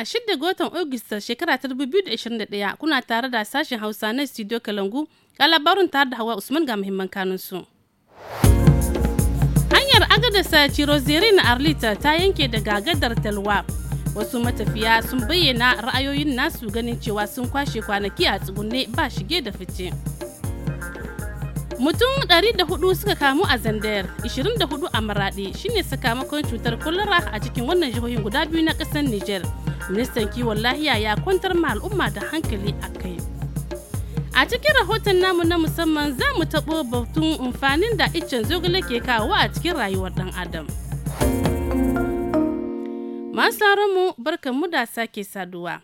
Juma'a 6 ga watan ogusta shekara ta daya kuna tare da sashen Hausa na Studio Kalangu ga labarin tare da Hawa Usman ga muhimman kanunsu. Hanyar agadarsa na Arlita ta yanke daga gadar Talwa. Wasu matafiya sun bayyana ra'ayoyin nasu ganin cewa sun kwashe kwanaki a tsugunne ba shige da fice. mutum 104 suka kamu a zandayar 24 a maraɗi shine sakamakon cutar kwalara a cikin wannan jihohin guda biyu na ƙasar niger ministan kiwon lahiya ya kwantar ma al'umma da hankali a kai a cikin rahoton namu na musamman za mu taɓo batun amfanin da iccen zogale ke kawo a cikin rayuwar ɗan adam masu mu barkan mu da sake saduwa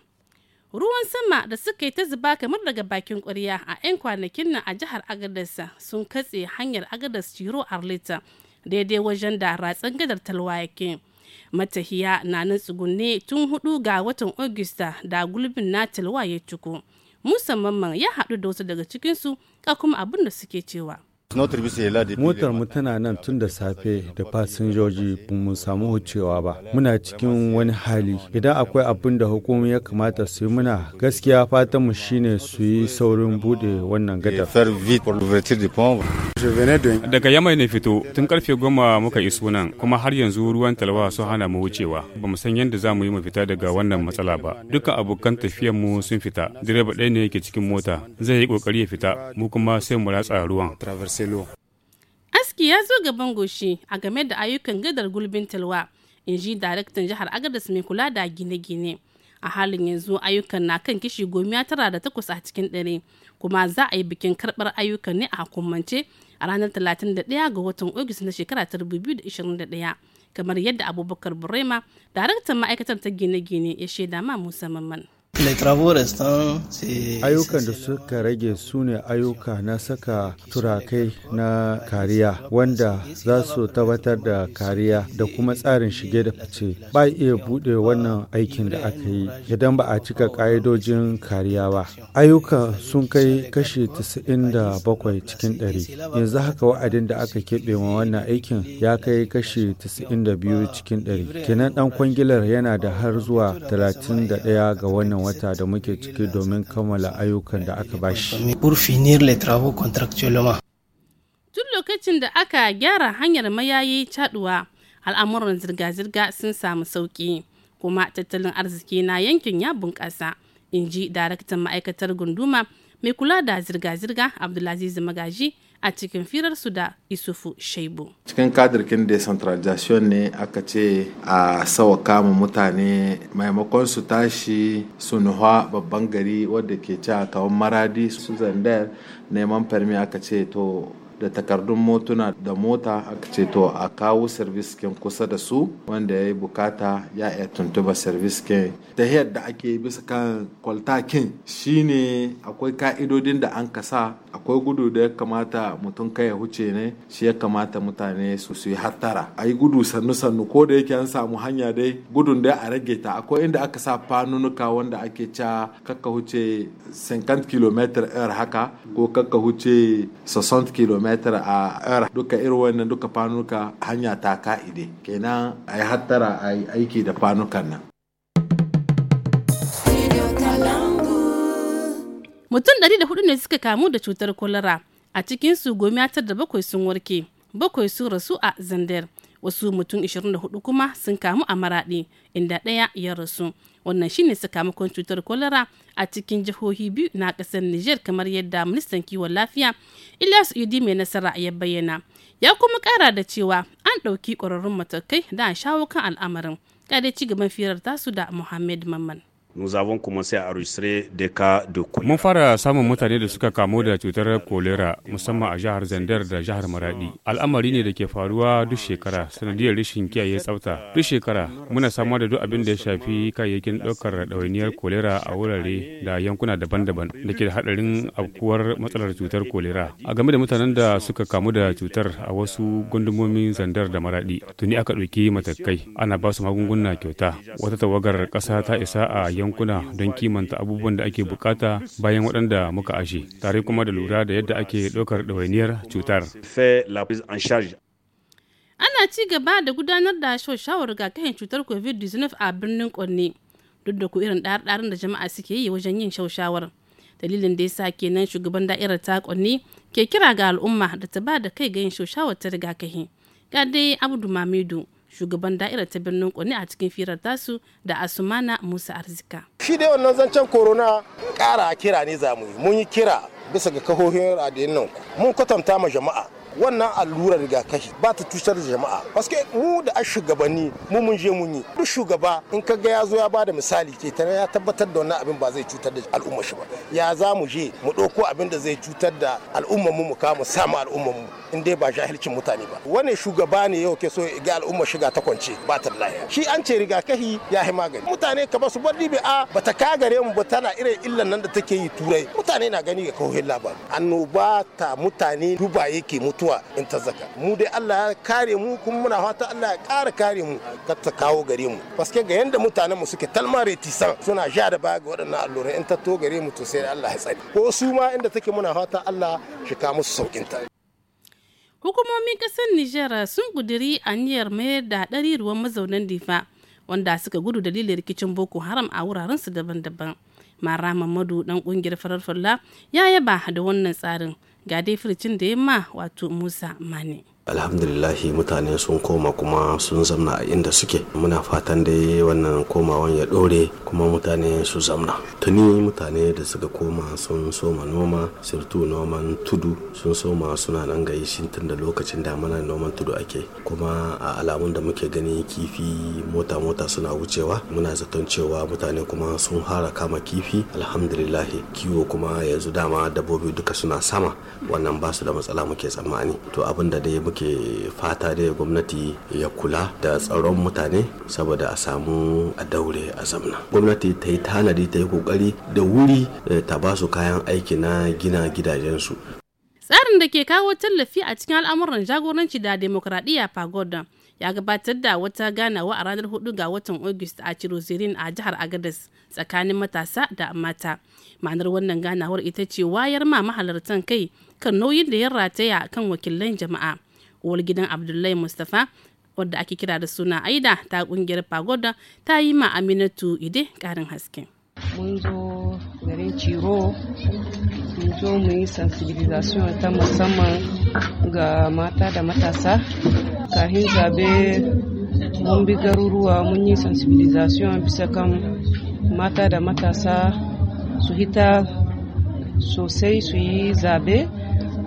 ruwan sama da suka yi ta zuba kamar daga bakin ƙwarya a 'yan kwanakin nan a jihar agadarsa sun katse hanyar agadas ciro arlita daidai wajen da ratsen gadar talwa yake matahiya na nan tsugunne tun hudu ga watan augusta da gulbin na tilwa ya cuku musamman ya haɗu da wasu daga cikinsu ka kuma abin da suke cewa Motar mu tana nan tun da safe da fasinjoji mu samu wucewa ba. Muna cikin wani hali. Idan akwai abin da hukumi ya kamata su yi muna gaskiya fatan mu shine su yi saurin bude wannan gada. Daga yamai ne fito tun karfe goma muka iso nan kuma har yanzu ruwan talwa su hana mu wucewa. Ba mu san yadda za mu yi mu fita daga wannan matsala ba. Dukkan abokan tafiyar mu sun fita. Direba ɗaya ne yake cikin mota. Zai yi ƙoƙari ya fita mu kuma sai mu ratsa ruwan. Marcelo. aski ya zo gaban goshi a game da ayyukan gadar gulbin talwa in ji daraktan jihar agadas mai kula da gine-gine a halin yanzu ayyukan na kan kishi gomiya tara da takwas a cikin dare kuma za a yi bikin karɓar ayyukan ne a hukumance a ranar 31 ga watan ogis na shekara 2021 kamar yadda abubakar burema daraktan ma'aikatar ta gine-gine ya shaida ma musamman ayyukan da suka rage su ne ayyuka na saka turakai na kariya wanda za su tabbatar da kariya da kuma tsarin shige da fice ba iya bude wannan aikin da aka yi idan ba a cika ka'idojin kariya ba ayyuka sun kai kashi 97 cikin 100 yanzu haka wa'adin da aka keɓe ma wannan aikin ya kai kashi 92 cikin 100 kenan dan kwangilar yana da har zuwa 31 ga wannan wata da muke ciki domin kammala ayyukan da aka bashi. Tun lokacin da aka gyara hanyar mayayi caduwa al'amuran zirga-zirga sun samu sauƙi kuma tattalin arziki na yankin ya bunƙasa in ji daraktan ma'aikatar gunduma mai kula da zirga-zirga abdulaziz magaji a cikin firar su da isufu shaibu cikin kadirkin decentralization ne aka ce a sawa kama mutane maimakon su tashi su nuha babban gari wadda ke ci a kawon maradi su zandar neman farmi aka ce to da takardun motuna da mota aka ce to a kawo service kin kusa da su wanda ya yi bukata ya iya tuntuba service kin ta da ake bisa kan kwalta kin shine akwai ka'idodin da an kasa akwai gudu da ya kamata mutum kai ya huce ne shi ya kamata mutane su su yi hattara a yi gudu sannu sannu ko da yake an samu hanya dai gudun da a rage ta akwai inda aka sa fanunuka wanda ake ca kakka huce 50 km r haka ko kakka huce 60 km a r duka irin wannan duka fanunuka hanya ta ka'ide kenan a yi hattara a yi aiki da fanukan nan mutum 104 ne suka kamu da cutar kwalara a cikin su gomiyatar da bakwai sun warke bakwai sun rasu a zander wasu mutum 24 kuma sun kamu a maraɗi inda ɗaya ya rasu wannan shine sakamakon cutar kwalara a cikin jihohi biyu na ƙasar niger kamar yadda ministan kiwon lafiya ilyas udi mai nasara ya bayyana ya kuma kara da cewa an ɗauki ƙwararrun matakai da shawo kan al'amarin ƙare ci gaban firar tasu da muhammad mamman nous avons commencé à enregistrer des cas de cholera. Mun fara samun mutane da suka kamu da cutar kolera musamman a jihar Zandar da jihar Maradi. Al'amari ne da ke faruwa duk shekara sanadiyar rashin kiyaye tsafta. Duk shekara muna samar da duk abin da ya shafi kayayyakin ɗaukar ɗawainiyar kolera a wurare da yankuna daban-daban da ke da haɗarin afkuwar matsalar cutar kolera. A game da mutanen da suka kamu da cutar a wasu gundumomin Zandar da Maradi tuni aka ɗauki matakai ana ba su magunguna kyauta. Wata tawagar ƙasa ta isa a yankuna don kimanta abubuwan da ake bukata bayan waɗanda muka ashe tare kuma da lura da yadda ake ɗaukar ɗawainiyar cutar ana ci gaba da gudanar da shawarar rigakafin cutar covid-19 a birnin kwanne duk da ku irin ɗarɗarin da jama'a suke yi wajen yin shaushawar dalilin da yasa kenan shugaban da'irar ta kwanne ke kira ga al'umma da ta ba da kai ga yin shaushawar ta rigakafi ga dai abdu mamidu shugaban da'irar ta birnin kone a cikin firar tasu da asumana musa arzika shi dai wannan zancen corona kara kira ne zamu yi mun yi kira bisa ga kahohin radiyon nan mun kwatanta ma jama'a wannan allurar rigakafi ba ta cutar da jama'a paske mu da a shugabanni mu mun je mun yi duk shugaba in ka ga ya zo ya bada misali ke ta ya tabbatar da wannan abin ba zai cutar da al'umma shi ba ya za mu je mu ɗauko abin da zai cutar da al'umma mu mu kama samu al'umma mu in dai ba jahilcin mutane ba wani shugaba ne yau ke so ya ga al'umma shiga ta kwance ba ta lahiya shi an ce rigakafi ya yi magani mutane ba su bar libi a bata kagare mu ba tana irin illan nan da take yi turai mutane na gani ga kawai labar annoba ta mutane duba ke mutu mutuwa in ta zaka mu dai Allah ya kare mu kuma muna fata Allah ya kara kare mu ka ta kawo gare mu paske ga yanda mutanen mu suke talmare tisan suna ja da baya ga waɗannan allurai in ta to gare mu to sai Allah ya tsare ko su ma inda take muna fata Allah shi ka musu saukin ta hukumomin kasar Niger sun kuduri aniyar mayar da ruwan mazaunan Difa wanda suka gudu dalilin rikicin Boko Haram a wuraren su daban-daban. Mara Mamadu dan kungiyar farar falla ya yaba da wannan tsarin ga dai firjin da yamma wato musa mani. alhamdulillahi mutane sun koma kuma sun zamna a inda suke muna fatan dai wannan komawan ya dore kuma mutane su zamna tuni mutane da suka koma sun soma noma sirtu noman tudu sun soma suna nan gayi shi tun da lokacin damana noman tudu ake kuma a alamun da muke gani kifi mota mota suna wucewa muna zaton cewa mutane kuma sun fara kama kifi alhamdulillahi kiwo kuma yanzu dama dabbobi duka suna sama wannan ba su da matsala muke tsammani to abin da dai ke fata da gwamnati ya kula da tsaron mutane saboda a samu a daure a zamna gwamnati ta yi tanadi ta yi kokari da wuri eh, ta ba su kayan aiki na gina gidajensu tsarin da ke kawo tallafi a cikin al'amuran jagoranci da demokradiyya pagoda ya gabatar da wata ganawa a ranar 4 ga watan ogusta a Cirozirin a jihar agadas tsakanin matasa da mata. Ma'anar wannan ganawar ita ce wayar ma mahalartan kai kan nauyin da ya rataya kan wakilan jama'a uwar gidan abdullahi mustapha wadda ake kira da suna aida ta kungiyar pagoda ta yi ma aminatu ide karin haske mun zo garin ciro mun zo mu yi sensibilisation ta musamman ga mata da matasa kahin zabe mun bi garuruwa mun yi sensibilisation bisa kan mata da matasa su hita sosai su yi zabe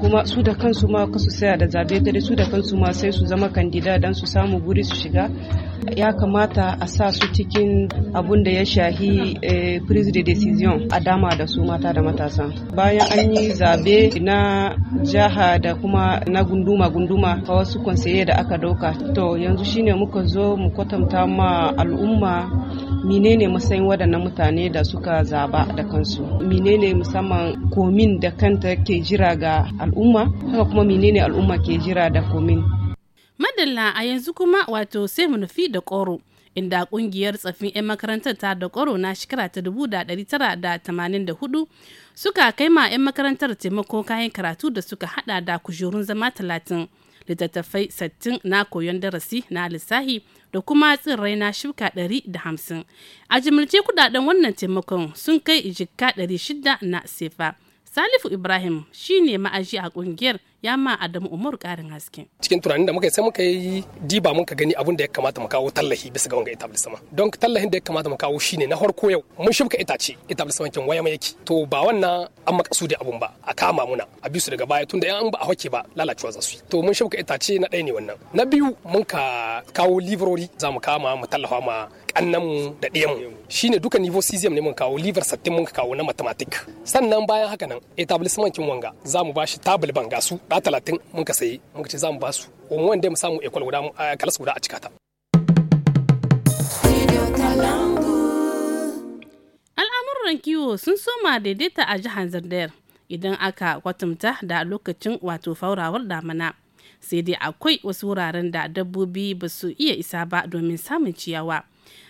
kuma su da kansu ma kasu saya da zabe dare su da kansu ma sai su zama kandida dan su samu guri su shiga ya kamata a sa su cikin abun da ya shahi eh, prise de decision a dama da su mata da matasa bayan an yi zabe na jaha da kuma na gunduma gunduma a wasu konseye da aka ɗauka. to yanzu shine muka zo mu kwatanta ma al'umma menene matsayin waɗannan mutane da suka zaba da kansu menene musamman komin da kanta ke jira ga al'umma haka kuma menene al'umma ke jira da komin madalla a yanzu kuma wato sai mu nufi da koro inda kungiyar tsafin 'yan makarantar ta da koro na shekara ta da 1984 suka kai ma 'yan makarantar taimako kayan karatu da suka hada da kujerun zama talatin littattafai sattin na koyon darasi na lissahi da kuma tsirrai na shuka da hamsin a jimilce kudaden wannan taimakon sun kai jikka 600 na sefa Salifu Ibrahim shi ne ma'aji a kungiyar ya ma Adamu Umar karin haske. Cikin tunanin da muka yi sai muka yi diba muka gani abin da ya kamata mu kawo tallahi bisa ga wanga etablissement. Don tallahin da ya kamata mu kawo shine na farko yau mun shifka itace etablissement kin waya mai yake. To ba wannan an makasu da abun ba a kama muna a bisu daga baya tunda an ba a hake ba lalacewa za su To mun shibka itace na ɗaya ne wannan. Na biyu mun ka kawo livrori za mu kama mu tallafa ma mu da shi shine duka nivo cesium ne mun kawo liver sattin mun kawo na mathematic sannan bayan haka nan etablissement kin wanga za mu bashi tabul banga su da talatin mun ka sayi mun ce za mu ba su wanda mu samu ekol guda kalas guda a cikata. Al'amuran kiwo sun soma daidaita a jihar Zardayar idan aka kwatanta da lokacin wato faurawar damana. sai dai akwai wasu wuraren da dabbobi ba su iya isa ba domin samun ciyawa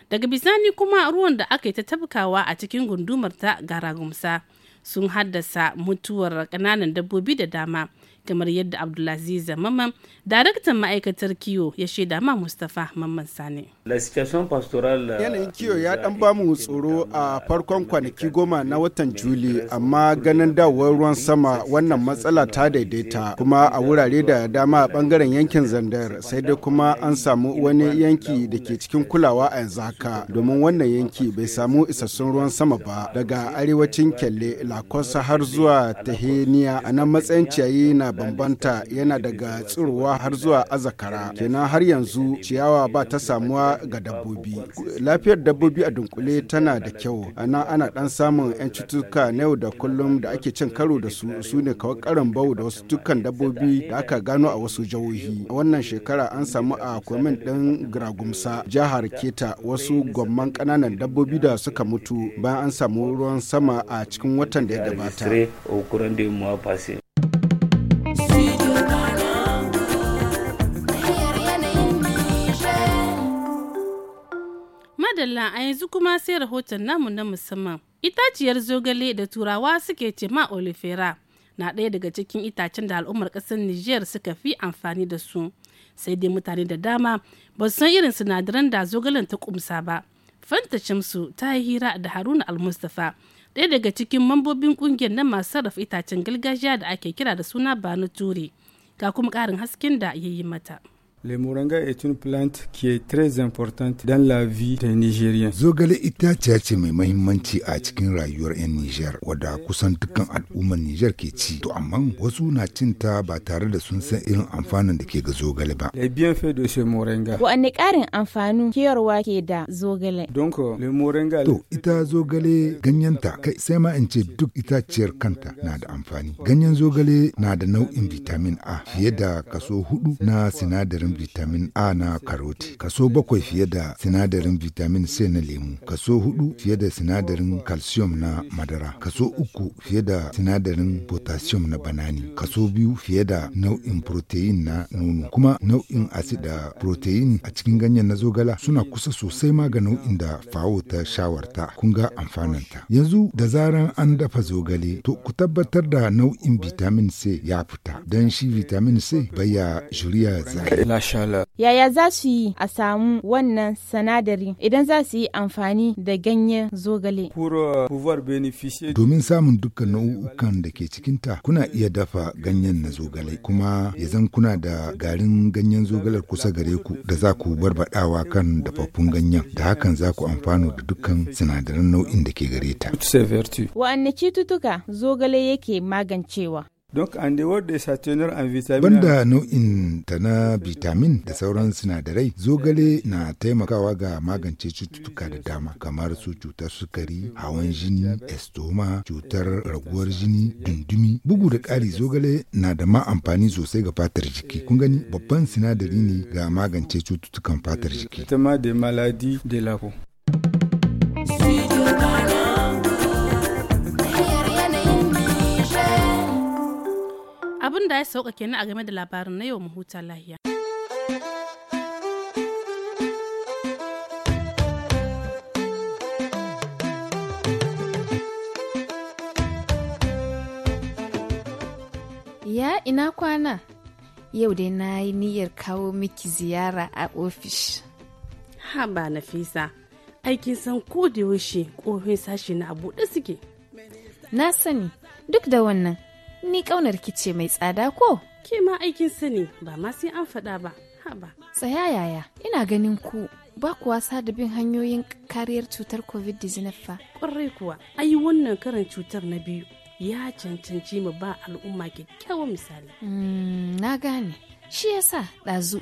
daga bisani kuma ruwan da aka yi ta tabkawa a cikin gundumar ta garagumsa sun haddasa mutuwar kananan dabbobi da dama kamar yadda abdulaziz mamman daraktan ma'aikatar kiwo ya shaida ma mustapha mamman sani uh, yanayin kiwo ya dan bamu tsoro a uh, farkon kwanaki goma na watan juli amma ganin dawowar ruwan sama wannan matsala ta daidaita kuma a wurare da dama a bangaren yankin zandar sai dai kuma an samu wani yanki da ke cikin kulawa a yanzu haka domin wannan yanki bai samu isassun ruwan sama ba daga arewacin kyalle lakosa har zuwa taheniya a nan matsayin ciyayi na bambanta yana daga tsirowa har zuwa azakara kenan har yanzu ciyawa ba ta samuwa ga dabbobi lafiyar dabbobi a dunkule tana da kyau ana ana dan samun yan cututtuka na yau da kullum da ake cin karo da su su ne kawai karin bau da wasu dukkan dabbobi da aka gano a wasu jihohi a wannan shekara an samu a kwamin din gragumsa jihar keta wasu gwamman kananan dabbobi da suka mutu bayan an samu ruwan sama a cikin watan da ya gabata madalla a yanzu kuma sai rahoton namu na musamman. Itaciyar zogale da turawa suke ce ma olifera na ɗaya daga cikin itacen da al'ummar ƙasar Nijar suka fi amfani da su. Sai dai mutane da dama ba su san irin sinadaran da zogalen ta kumsa ba. Fanta Shamsu ta yi hira da Haruna Almustafa ɗaya daga cikin mambobin ƙungiyar na masu sarrafa itacen gargajiya da ake kira da suna Banu Ture. Ga kuma ƙarin hasken da ya yi mata. Le moringa est une plante qui est très importante dans la vie des Nigériens. Zogale ita ce mai mahimmanci a cikin rayuwar 'yan Nijar wadda kusan dukkan al'ummar Nijar ke ci. To amma wasu na cin ta ba tare da sun san irin amfanin da ke ga zogale ba. Les bienfaits de ce moringa. Wa'anne ƙarin amfanu kiyarwa ke da zogale? Donc le moringa To ita zogale ganyenta kai sai ma in ce duk itaciyar kanta na da amfani. Ganyen zogale na da nau'in vitamin A fiye da kaso hudu na sinadarin sinadarin vitamin A na karoti, kaso bakwai fiye da sinadarin vitamin C na lemu, kaso hudu fiye da sinadarin calcium na madara, kaso uku fiye da sinadarin potassium na banani, kaso biyu fiye da nau'in protein na nono, kuma nau'in acid da protein a cikin ganyen na zogala suna kusa sosai ma ga nau'in da fawo ta shawarta kun ga amfaninta. Yanzu da zaran an dafa zogale to ku tabbatar da nau'in vitamin C ya fita don shi vitamin C baya juriya zai. Yaya za su yi a samu wannan sanadari idan za su yi amfani da ganyen zogale? Euh, Domin samun dukkan nau'ukan da ke cikinta, kuna iya dafa ganyen na zogale, kuma ya zan kuna da garin ganyen zogalar kusa gare ku da za ku barbaɗawa kan dafaffun ganyen, da hakan za ku amfano da dukkan sinadaran nau'in da ke gare ta. Wa'anne cututtuka zogale yake magancewa? Banda nau'in ta na vitamin da sauran sinadarai, zogale na taimakawa ga magance cututtuka da dama kamar su cutar sukari, hawan jini, estoma, cutar raguwar jini, dundumi. Bugu da ƙari zogale na da ma amfani sosai ga fatar jiki. Kun gani babban sinadari ne ga magance cututtukan fatar jiki. da ya sauka kenan a game da labarin na yau mu huta lahiya. Ya ina kwana? Yau dai na yi niyyar kawo miki ziyara a ofish. Ha ba Nafisa, aikin san ko da yaushe ƙofin sashi na a buɗe suke. Na sani, duk da wannan ni kaunar kice mai tsada ko? Ke ma aikin sani ba ma sai an faɗa ba, haba. Tsaya yaya, ina ganin ku ba kuwa da bin hanyoyin kariyar cutar covid-19 fa. Ƙwarai kuwa, ayi wannan karin cutar na biyu ya cancanci mu ba al'umma kyakkyawan misali. Hmm, na gane, shi yasa ɗazu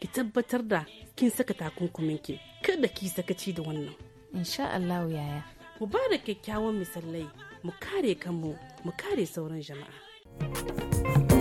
ki tabbatar da kin saka takunkumin ki kada ki sakaci da wannan insha Allah yaya mu ba da kyakkyawan misalai mu kare kanmu mu kare sauran jama'a